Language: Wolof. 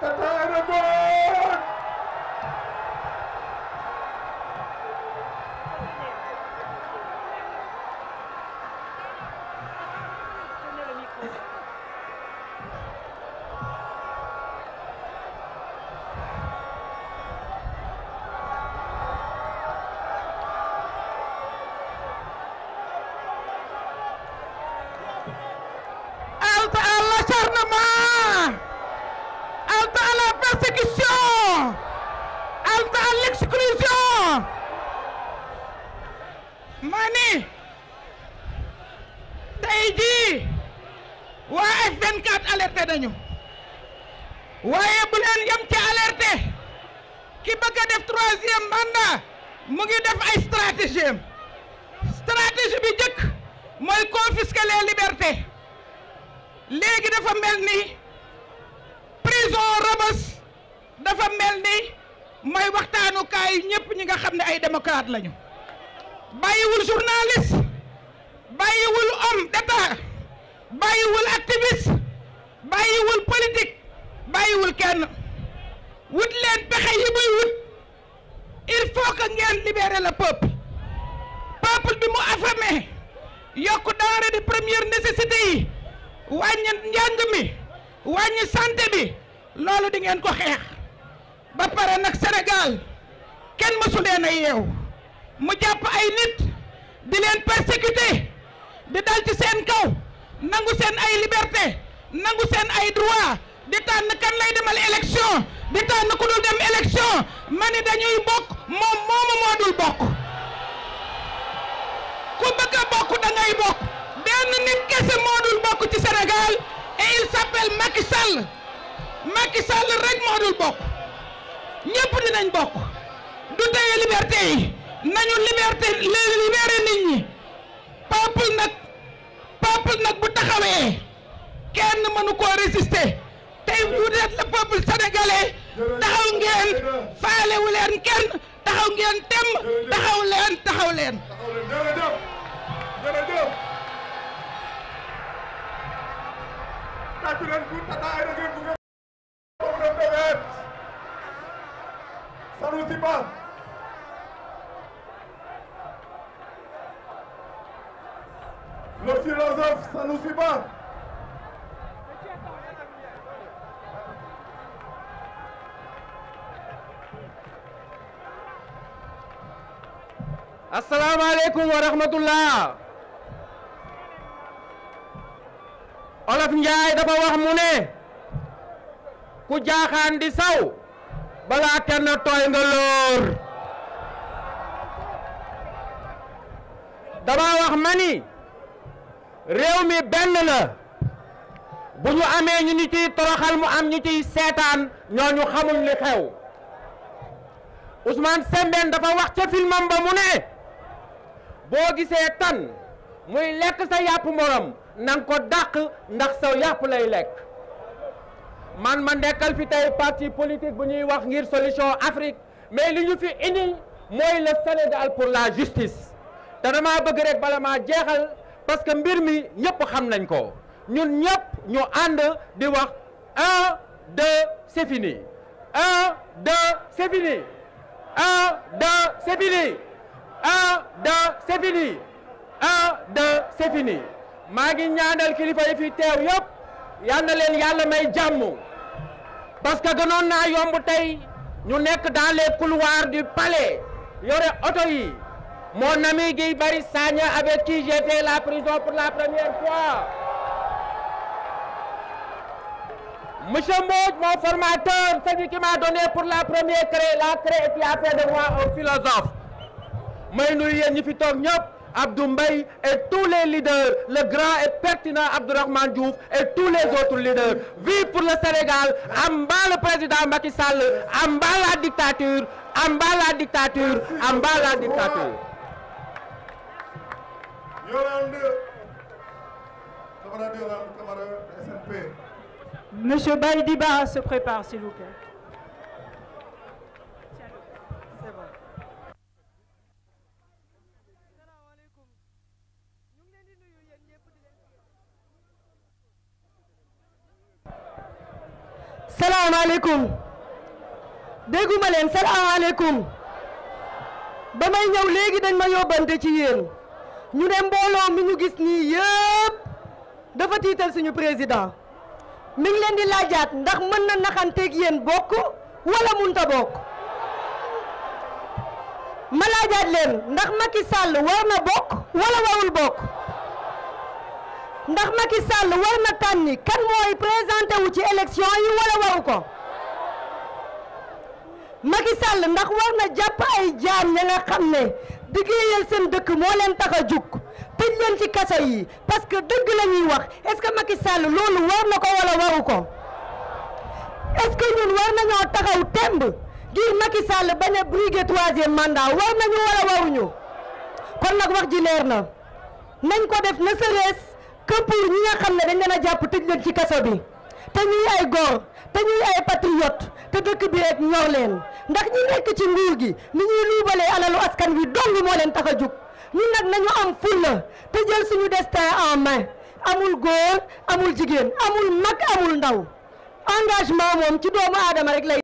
تتاربون Thank you. nañu waaye bu leen yem ci alerte ki bëgg def troisième mandat mu ngi def ay stratégie am stratégie bi njëkk mooy confisquer les léegi dafa mel ni prison Rebeuss dafa mel ni mooy waxtaanukaay ñëpp ñi nga xam ne ay démocrate lañu bàyyiwul journaliste. seen pexe yi muy wut il faut que ngeen libérer le peuple peuple bi mu affamé yokk denrées de première nécessité yi wàññi njàng mi wàññi santé bi loolu di ko xeex ba pare nag Sénégal kenn mësu yeew mu jàpp ay nit di leen persécuter di dal ci seen kaw nangu seen ay liberté nangu seen ay droit di tànn kan lay demal élection di tànn ku dul dem élection ma ni dañuy bokk moom moomu moo dul bokk ku bëgg bokk da ngay bokk benn nit kese moo dul bokk ci Sénégal et il s'appelle Macky Sall Macky moo dul bokk ñépp dinañ bokk du teye liberté nañu liberté faalewu leen kenn taxaw ngeen tem taxaw leen taxaw leen jërëjëf jërëjëf tàccu leen bu tataay na ngeen bu ngeen boobu na bébét Sanusi Ba le philosophe Sanusi Ba asalaamaaleykum wa rahmatullah olof njaay dafa wax mu ne ku jaaxaan di saw balaa kenn tooy nga lóor dama wax ma ni réew mi benn la bu ñu amee ñu ñu ciy toroxal mu am ñu ciy seetaan ñooñu xamuñ li xew Ousmane Sembène dafa wax ca filmam ba mu ne boo gisee tan muy lekk sa yàpp morom na ko dàq ndax sa yàpp lay lekk man ma nekkal fi tey parti politique bu ñuy wax ngir solution Afrique mais li ñu fi indi mooy le Sénégal pour la justice te dama bëgg rek bala maa jeexal parce que mbir mi ñëpp xam nañ ko ñun ñëpp ñu ànd di wax un deux c'est un deux c'est un deux c'est un deux c'est fini un deux maa ngi ñaanal kilifa yi fi teew yëpp yal yàlla may jàmm parce que gënoon naa yomb tey ñu nekk dans les couloirs du palais yore oto yi mon ami Guy Marius Sagna avec qui j'ai la prison pour la première fois Monsieur Mbodj, mon formateur, celui qui m'a donné pour la première créé, la créé et a fait moi un philosophe. may nuyu yéen ñi fi et tous les leaders le grand et pertinent Abdourahmane Diouf et tous les autres leaders vive pour le Sénégal en bas le président Macky en bas la dictature en bas la dictature en bas la dictature Monsieur Baïdiba se prépare s'il vous plaît salaamaaleykum dégguma leen salaamaaleykum ba may ñëw léegi dañ ma yóbbante ci yéen ñu ne mbooloo mi ñu gis nii yëpp dafa tiital suñu président mi ngi leen di laajaat ndax mën na naxanteeg yéen bokk wala munta bokk ma laajaat leen ndax Macky Sall war na bokk wala warul bokk ndax Macky Sall war na tànni kan mooy présenté ci élection yi wala waru ko Macky Sall ndax war na jàpp ay jaam ya nga xam ne liggéeyal seen dëkk moo leen tax a tëj leen ci kaso yi parce que dëgg la wax est-ce que loolu war na ko wala waru ko est-ce ñun war nañoo taxaw temb ngir Macky Sall bañ a briguer troisième mandat war nañu wala waruñu kon nag wax ji leer na nañ ko def na sërees que pour ñi nga xam ne dañ leen a jàpp tëj leen ci kaso bi te ñuy ay góor te ñuy ay patriote te dëkk bi rek ñor leen ndax ñi nekk ci nguur gi ni ñuy luubalee alalu askan wi dong moo leen tax a jug ñun nag nañu am fulla te jël suñu destin en main amul góor amul jigéen amul mag amul ndaw engagement moom ci doomu aadama rek lay